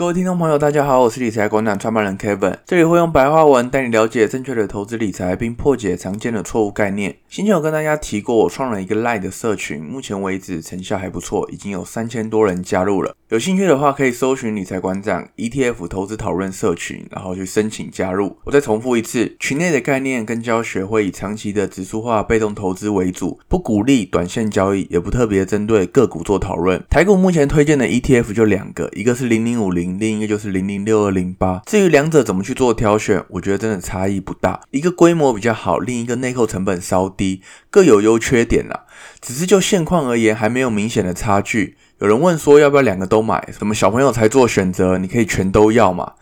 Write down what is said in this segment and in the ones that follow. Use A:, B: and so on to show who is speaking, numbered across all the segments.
A: 各位聽眾朋友，大家好，我是理財館長創辦人 Kevin，這裡會用白話文帶你了解正確的投資理財，並破解常見的錯誤概念。先前有跟大家提過，我創了一個 LINE 的社群，目前為止成效還不錯，已經有三千多人加入了。有興趣的話，可以搜尋“理財館長 ETF 投資討論社群”，然後去申請加入。我再重複一次，群內的概念跟教學會以長期的指數化被動投資為主，不鼓勵短線交易，也不特別針對個股做討論。台股目前推薦的 ETF 就兩個，一個是零零五零。另一個就是零零六二零八，至於兩者怎麼去做挑選，我覺得真的差異不大，一個規模比較好，另一個內扣成本稍低，各有優缺點啦、啊。只是就現況而言，還沒有明顯的差距。有人問說，要不要兩個都買？怎麼小朋友才做選擇？你可以全都要嘛。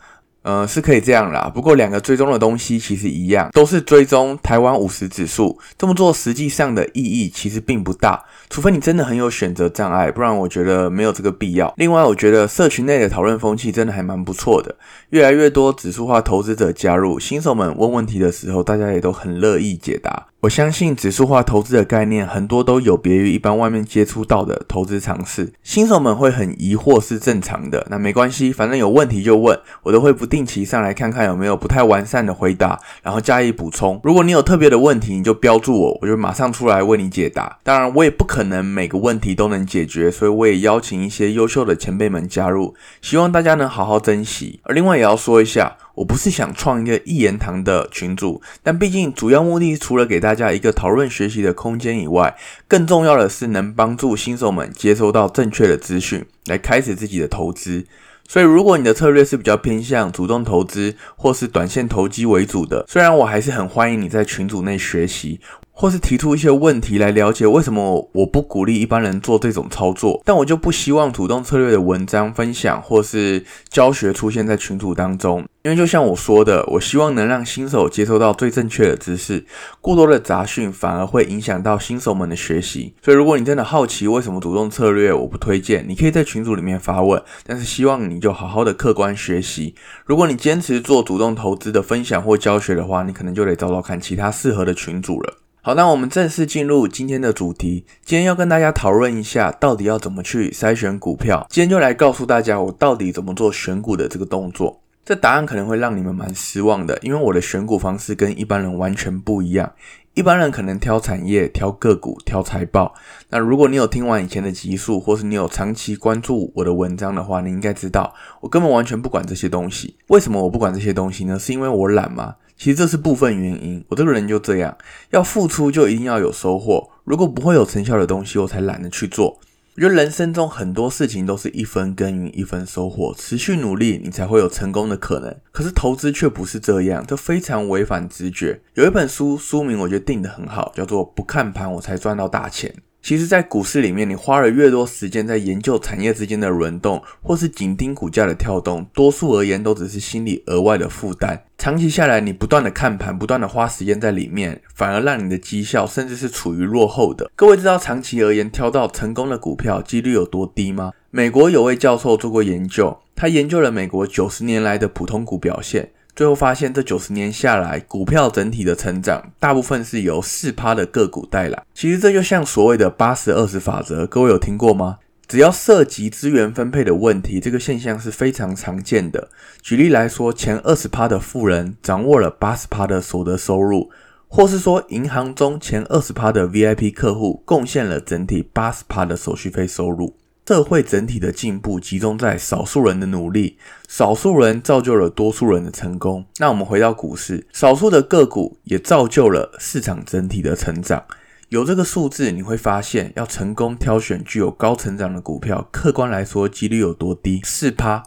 A: 呃，是可以這樣啦。不過兩個追蹤的東西其實一樣，都是追蹤台灣五十指數。這麼做實際上的意義其實並不大，除非你真的很有選擇障礙，不然我覺得沒有這個必要。另外，我覺得社群內的討論風氣真的還蠻不錯的，越來越多指數化投資者加入，新手們問問題的時候，大家也都很樂意解答。我相信指數化投資的概念，很多都有別於一般外面接觸到的投資常識。新手們會很疑惑，是正常的。那沒關係，反正有問題就問，我都會不定期上來看看有沒有不太完善的回答，然後加以補充。如果你有特別的問題，你就標注我，我就馬上出來為你解答。當然，我也不可能每個問題都能解決，所以我也邀請一些優秀的前輩們加入，希望大家能好好珍惜。而另外也要說一下。我不是想創一個一言堂的群組，但畢竟主要目的除了給大家一個討論學習的空間以外，更重要的是能幫助新手們接收到正確的資訊，來開始自己的投資。所以，如果你的策略是比較偏向主動投資或是短線投機為主的，雖然我還是很歡迎你在群組內學習。或是提出一些問題來了解為什麼我不鼓勵一般人做這種操作，但我就不希望主動策略的文章分享或是教學出現在群組當中，因為就像我說的，我希望能讓新手接收到最正確的知識，過多的雜訊反而會影響到新手們的學習。所以如果你真的好奇為什麼主動策略我不推薦，你可以在群組裡面發問，但是希望你就好好的客觀學習。如果你堅持做主動投資的分享或教學的話，你可能就得找找看其他適合的群組了。好，那我們正式進入今天的主題。今天要跟大家討論一下，到底要怎麼去篩選股票。今天就來告訴大家，我到底怎麼做選股的這個動作。這答案可能會讓你們蠻失望的，因為我的選股方式跟一般人完全不一樣。一般人可能挑產業、挑個股、挑財報。那如果你有聽完以前的集數，或是你有長期關注我的文章的話，你應該知道，我根本完全不管這些東西。為什麼我不管這些東西呢？是因為我懶嗎？其實這是部分原因，我這個人就這樣，要付出就一定要有收穫。如果不會有成效的東西，我才懶得去做。因為人生中很多事情都是一分耕耘一分收穫，持續努力你才會有成功的可能。可是投資卻不是這樣，這非常違反直覺。有一本書，書名我覺得定得很好，叫做《不看盤我才賺到大錢》。其實，在股市裡面，你花了越多時間在研究產業之間的輪動，或是緊盯股價的跳動，多數而言都只是心理額外的負擔。長期下來，你不斷的看盤，不斷的花時間在裡面，反而讓你的績效甚至是處於落後的。各位知道，長期而言挑到成功的股票幾率有多低嗎？美國有位教授做過研究，他研究了美國九十年來的普通股表現。最後發現，這九十年下來，股票整體的成長大部分是由四趴的個股帶來。其實這就像所謂的八十二十法則，各位有聽過嗎？只要涉及資源分配的問題，這個現象是非常常見的。舉例來說，前二十趴的富人掌握了八十趴的所得收入，或是說銀行中前二十趴的 VIP 客戶貢獻了整體八十趴的手續費收入。社會整體的進步集中在少數人的努力，少數人造就了多數人的成功。那我們回到股市，少數的個股也造就了市場整體的成長。有這個數字，你會發現要成功挑選具有高成長的股票，客觀來說，幾率有多低？四趴，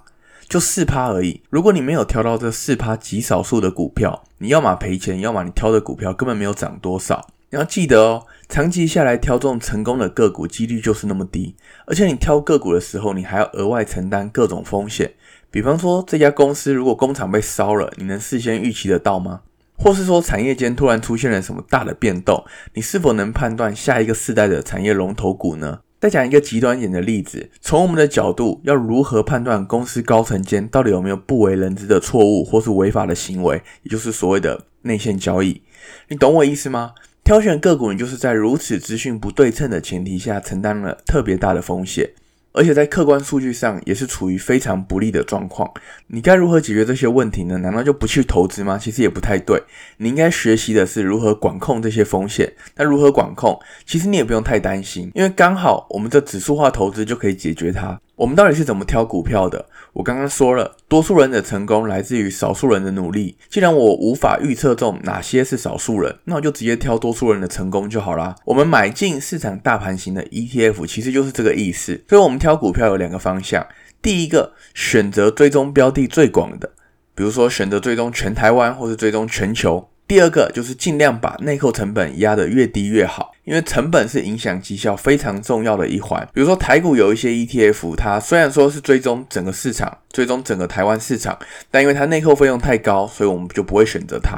A: 就四趴而已。如果你沒有挑到這四趴極少數的股票，你要麼賠錢，要麼你挑的股票根本沒有漲多少。你要記得哦，長期下來挑中成功的個股幾率就是那麼低，而且你挑個股的時候，你還要額外承擔各種風險。比方說，這家公司如果工廠被燒了，你能事先預期得到嗎？或是說，產業間突然出現了什麼大的變動，你是否能判斷下一個世代的產業龍頭股呢？再講一個極端一點的例子，從我們的角度要如何判斷公司高層間到底有沒有不為人知的錯誤或是違法的行為，也就是所謂的內線交易？你懂我的意思嗎？挑選個股，你就是在如此資訊不對稱的前提下承擔了特別大的風險，而且在客觀數據上也是處於非常不利的狀況。你該如何解決這些問題呢？難道就不去投資嗎？其實也不太對。你應該學習的是如何管控這些風險。那如何管控？其實你也不用太擔心，因為剛好我們這指數化投資就可以解決它。我們到底是怎麼挑股票的？我剛剛說了，多數人的成功來自於少數人的努力。既然我無法預測中哪些是少數人，那我就直接挑多數人的成功就好啦。我們買進市場大盤型的 ETF，其實就是這個意思。所以，我們挑股票有兩個方向：第一個，選擇追蹤標的最廣的，比如說選擇追蹤全台灣，或是追蹤全球。第二個就是儘量把內扣成本壓得越低越好，因為成本是影響績效非常重要的一環。比如說台股有一些 ETF，它雖然說是追蹤整個市場，追蹤整個台灣市場，但因為它內扣費用太高，所以我們就不會選擇它。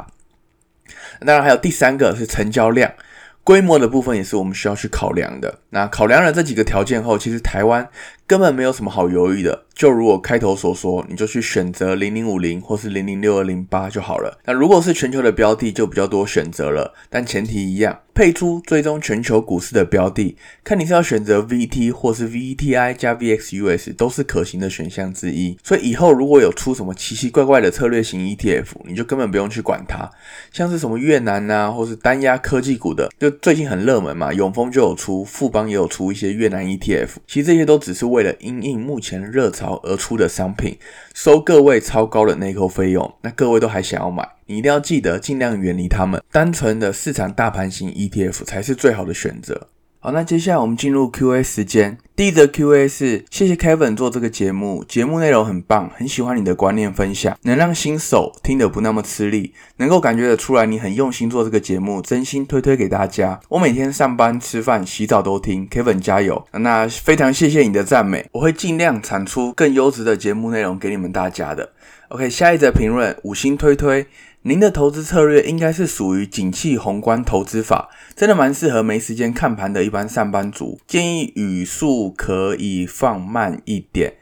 A: 當然還有第三個是成交量，規模的部分也是我們需要去考量的。那考量了這幾個條件後，其實台灣根本沒有什麼好猶豫的。就如我開頭所說，說，你就去選擇零零五零或是零零六二零八就好了。那如果是全球的標的，就比較多選擇了，但前提一樣，配出追蹤全球股市的標的，看你是要選擇 VT 或是 VTI 加 VXUS，都是可行的選項之一。所以以後如果有出什麼奇奇怪怪的策略型 ETF，你就根本不用去管它，像是什麼越南吶、啊，或是單押科技股的，就最近很熱門嘛，永豐就有出，富邦也有出一些越南 ETF。其實這些都只是為了因應目前的熱潮。而出的商品，收各位超高的內扣費用，那各位都還想要買，你一定要記得盡量遠離他們，單純的市場大盤型 ETF 才是最好的選擇。好，那接下來我們進入 Q A 時間。第一則 Q A 是：謝謝 Kevin 做這個節目，節目內容很棒，很喜歡你的觀念分享，能讓新手聽得不那麼吃力，能夠感覺得出來你很用心做這個節目，真心推推給大家。我每天上班、吃飯、洗澡都聽，Kevin 加油。那非常謝謝你的讚美，我會盡量產出更優質的節目內容給你們大家的。OK，下一則評論，五星推推。您的投資策略應該是屬於景氣宏觀投資法，真的蠻適合沒時間看盤的一般上班族。建議語速可以放慢一點，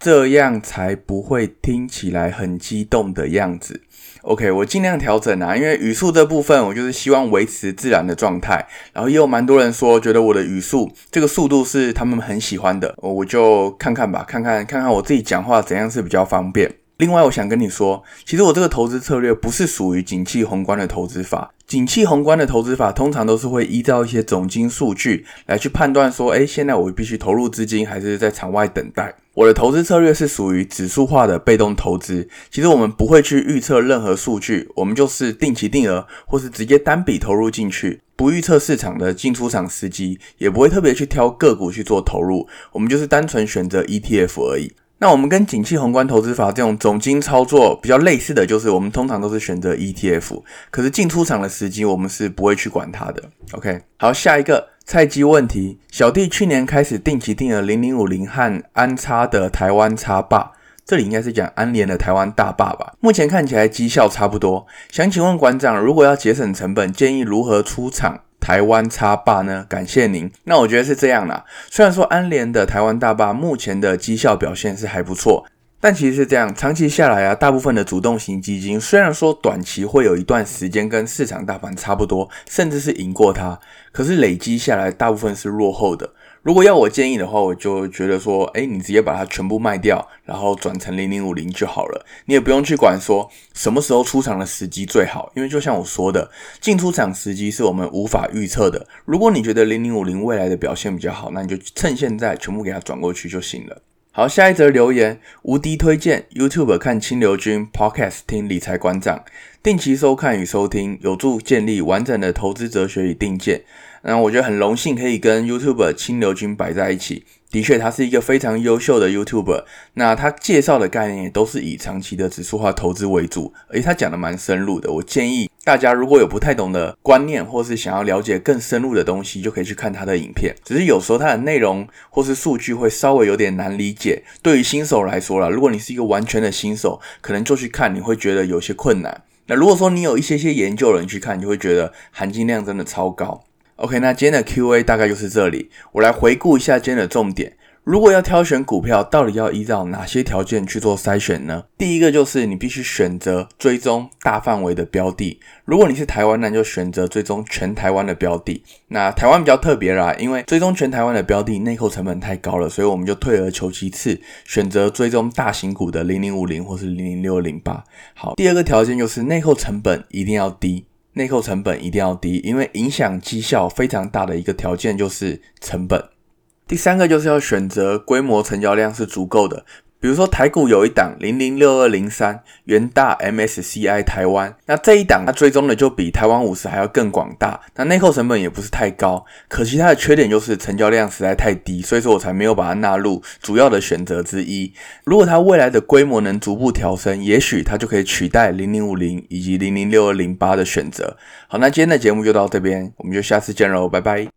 A: 這樣才不會聽起來很激動的樣子。OK，我盡量調整啊，因為語速這部分我就是希望維持自然的狀態。然後也有蠻多人說覺得我的語速這個速度是他們很喜歡的，我就看看吧，看看看看我自己講話怎樣是比較方便。另外，我想跟你說，其實我這個投資策略不是屬於景氣宏觀的投資法。景氣宏觀的投資法通常都是會依照一些總經數據來去判斷，說，哎、欸，現在我必須投入資金，還是在場外等待。我的投資策略是屬於指數化的被動投資。其實我們不會去預測任何數據，我們就是定期定額，或是直接單筆投入進去，不預測市場的進出場時機，也不會特別去挑個股去做投入。我們就是單純選擇 ETF 而已。那我們跟景氣宏觀投資法這種總經操作比較類似的就是，我們通常都是選擇 ETF，可是進出場的時機我們是不會去管它的。OK，好，下一個菜雞問題，小弟去年開始定期訂了零零五零和安插的台灣叉霸，這裡應該是講安聯的台灣大壩吧？目前看起來績效差不多，想請問館長，如果要節省成本，建議如何出場？台灣大壩呢？感謝您。那我覺得是這樣啦。雖然說安聯的台灣大壩目前的績效表現是還不錯。但其實是這樣，長期下來啊，大部分的主動型基金雖然說短期會有一段時間跟市場大盤差不多，甚至是贏過它，可是累積下來大部分是落後的。如果要我建議的話，我就覺得說，哎、欸，你直接把它全部賣掉，然後轉成零零五零就好了，你也不用去管說什麼時候出場的時機最好，因為就像我說的，進出場時機是我們無法預測的。如果你覺得零零五零未來的表現比較好，那你就趁現在全部給它轉過去就行了。好，下一則留言，無敵推薦 YouTube 看清流君 Podcast 聽理財館長，定期收看與收聽，有助建立完整的投資哲學與定見。那我覺得很榮幸可以跟 YouTuber 清流君擺在一起，的確他是一個非常優秀的 YouTuber。那他介紹的概念都是以長期的指數化投資為主，而且他講的蠻深入的。我建議大家如果有不太懂的觀念，或是想要了解更深入的東西，就可以去看他的影片。只是有時候他的內容或是數據會稍微有點難理解。對於新手來說啦，如果你是一個完全的新手，可能就去看你會覺得有些困難。那如果說你有一些些研究人去看，你就會覺得含金量真的超高。OK，那今天的 Q&A 大概就是這裡。我來回顧一下今天的重點。如果要挑選股票，到底要依照哪些條件去做篩選呢？第一個就是你必須選擇追蹤大範圍的標的。如果你是台灣，那就選擇追蹤全台灣的標的。那台灣比較特別啦，因為追蹤全台灣的標的內扣成本太高了，所以我們就退而求其次，選擇追蹤大型股的零零五零或是零零六零八。好，第二個條件就是內扣成本一定要低。內扣成本一定要低，因為影響績效非常大的一個條件就是成本。第三個就是要選擇規模，成交量是足夠的。比如說台股有一檔零零六二零三，元大 MSCI 台灣，那這一檔它追蹤的就比台灣五十還要更廣大，那內扣成本也不是太高。可惜它的缺點就是成交量實在太低，所以說我才沒有把它納入主要的選擇之一。如果它未來的規模能逐步調升，也許它就可以取代零零五零以及零零六二零八的選擇。好，那今天的節目就到這邊，我們就下次見嘍，拜拜。